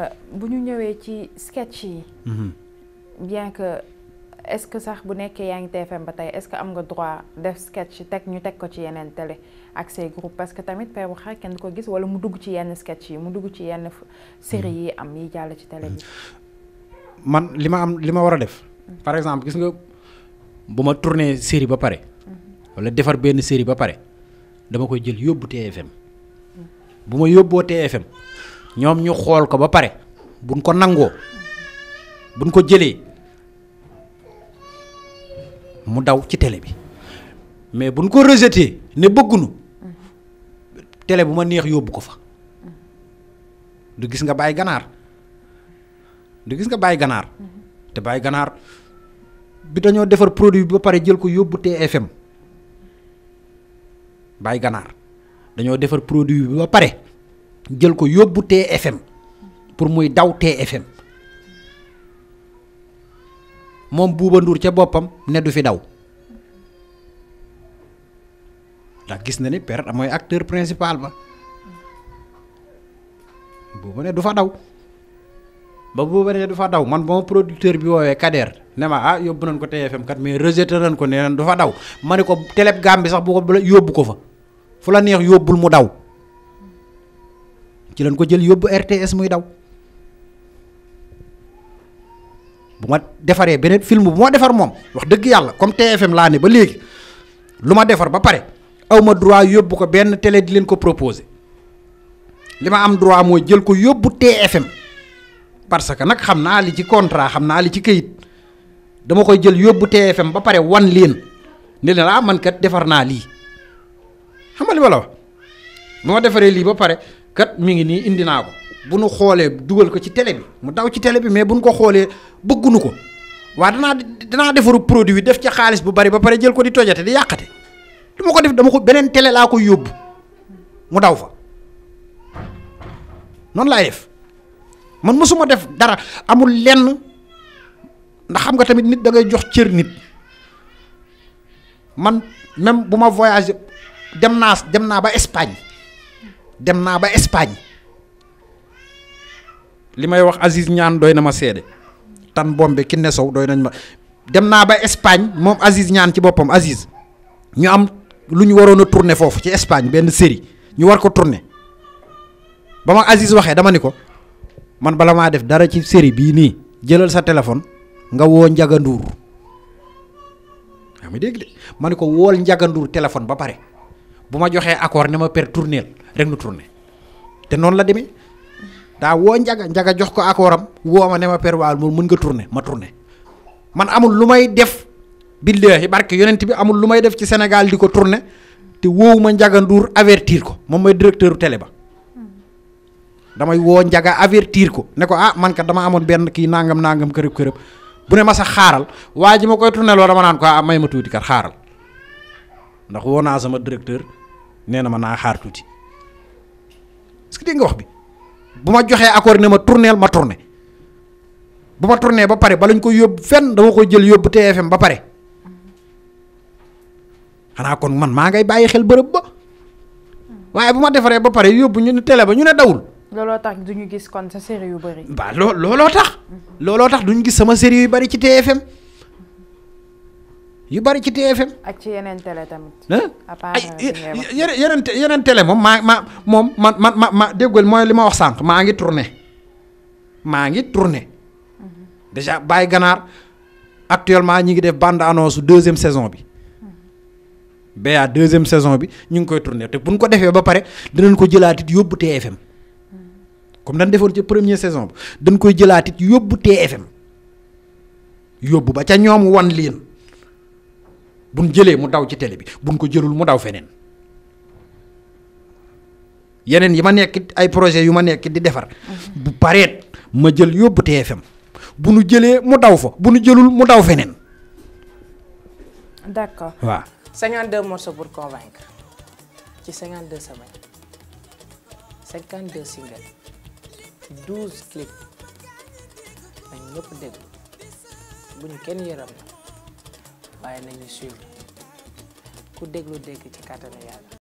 Euh, bu ñu ñëwee ci sketch yi. Mhm. bien que est-ce que sax bu nekkee yaa ngi TFM ba tey est-ce que am nga droit def sketch teg ñu teg ko ci yeneen télé ak say groupe parce que tamit Père bu Xar kenn ko gis wala mu dugg ci yenn sketch yi mu dugg ci yenn série yi am yi jàll ci télé bi. Mhm. man li ma am li ma war a def. par exemple gis nga bu ma tourné série ba pare. Mhm. wala defar benn série ba pare dama koy jël yóbbu TFM. bu ma yóbboo TFM ñoom ñu xool ko ba pare buñ ko nangoo buñ ko jëlee mu daw ci tele bi mais buñ ko rejeté ne bëggunu tele bu ma neex yóbbu ko fa du gis nga bàyyi ganaar du gis nga bàyyi ganaar mm-hmm. te bàyyi ganaar bi dañoo defar produit bi ba pare jël ko yóbbu TFM bàyyi ganaar dañoo defar produit bi ba pare jël ko yóbbu TFM pour muy daw TFM moom Buuba Nduur ca boppam ne du fi daw da gis na ni per mooy acteur principal ba Buuba ne du fa daw ba Buuba ne du fa daw man ba producteur bi woowee Kader ne ma ah yóbbu nañ ko TFM kat mais rejeté nañ ko nee nañ du fa daw ma ne ko télé Gambie sax bu ko yóbbu ko fa fu la neex yóbbul mu daw. ci ko jël yóbbu RTS muy daw bu ma defaree beneen film bu ma defar moom wax dëgg yàlla comme TFM laa ne ba léegi lu ma defar ba pare aw ma droit yóbbu ko benn télé di leen ko proposé li ma am droit mooy jël ko yóbbu TFM parce que nag xam naa li ci contrat xam naa li ci kayit dama koy jël yóbbu TFM ba pare wan leen ne leen ah man kat defar naa lii xam nga ma la bu ma defaree lii ba pare. kat mi ngi nii indi naa ko bu nu xoolee dugal ko ci télé bi mu daw ci tele bi mais bu nu ko xoolee bëggunu ko waa danaa danaa defaru produit bi def ca xaalis bu bari ba pare jël ko di tojate di yàqate du ma ko def dama ko beneen télé laa ko yóbbu mu daw fa noonu laay def man mësuma def dara amul lenn ndax xam nga tamit nit dangay jox cër nit man même bu ma voyagé dem naa dem naa ba Espagne dem naa ba Espagne li may wax Aziz ñaan doy na ma seede tan bombe ki ne sow doy nañ ma dem naa ba Espagne moom Aziz ñaan ci boppam Aziz ñu am lu ñu waroon a tourner foofu ci Espagne benn série ñu war ko tourner ba ma Aziz waxee dama ni ko man bala maa def dara ci série bii nii jëlal sa téléphone nga woo Ndiaga Ndour yaa dégg de ma ne ko wool Ndiaga Ndour téléphone ba pare bu ma joxee accord ne ma per tourneel rek nu tourné te noonu la deme daa woo njaga njaga jox ko accord am woo ma ne ma per moom mën nga tourné ma tourné man amul lu may def billahi barke yonent bi amul lu may def ci Sénégal di ko tourné te woowuma njaga nduur avertir ko moom mooy directeur télé ba damay woo njaga avertir ko ne ko ah man kat dama amoon benn kii nangam nangam kërëb kërëb bu ne ma sax xaaral waa ji ma koy tourné loo ma naan ko ah may ma tuuti kat xaaral ndax woo naa sama directeur nee na ma naa xaar tuuti. dégg nga bi bu ma joxee accord ne ma tourneel ma tourné bu ma tourné ba pare bala ñu koy yóbbu fen dama koy jël yóbbu TFM ba pare xanaa kon man maa ngay bàyyi xel bërëb ba waaye bu ma defaree ba pare yóbbu ñu ne télé ba ñu ne dawul. looloo tax du ñu gis kon sa série yu bari. waaw loo looloo tax. looloo tax du ñu gis sama série bari ci TFM. yu bari ci TFM. ak ci yenen télé tamit. hein ay euh, yenen yenen télé mom ma mom man man ma ma déggoon mooy li ma wax sank ma ngi tourner ma ngi tourner mhm. déjà bay ganar actuellement ñi ngi def bande annonce deuxième saison bi. Mhm. ba deuxième saison bi ñu ngi koy tourner te buñ ko défé ba pare dinañ ko jëlati yóbbu TFM mhm. comme dañ défon ci première saison dañ koy jëlati yóbbu TFM yóbbu ba ca ñom won leen. buñ jëlee mu daw ci télé bi buñ ko jëlul mu daw feneen yeneen yi ma nekk ay projet yu ma nekk di defar mhm. bu pareet ma jël yóbbu TFM bu nu jëlee mu daw fa bu nu jëlul mu daw feneen d'accord waaw 52 morceaux pour convaincre ci 52 semaines 52 singles 12 bu ñu kenn yëram waaye nañu suivre ku déglu dégg ci kàttanu yàlla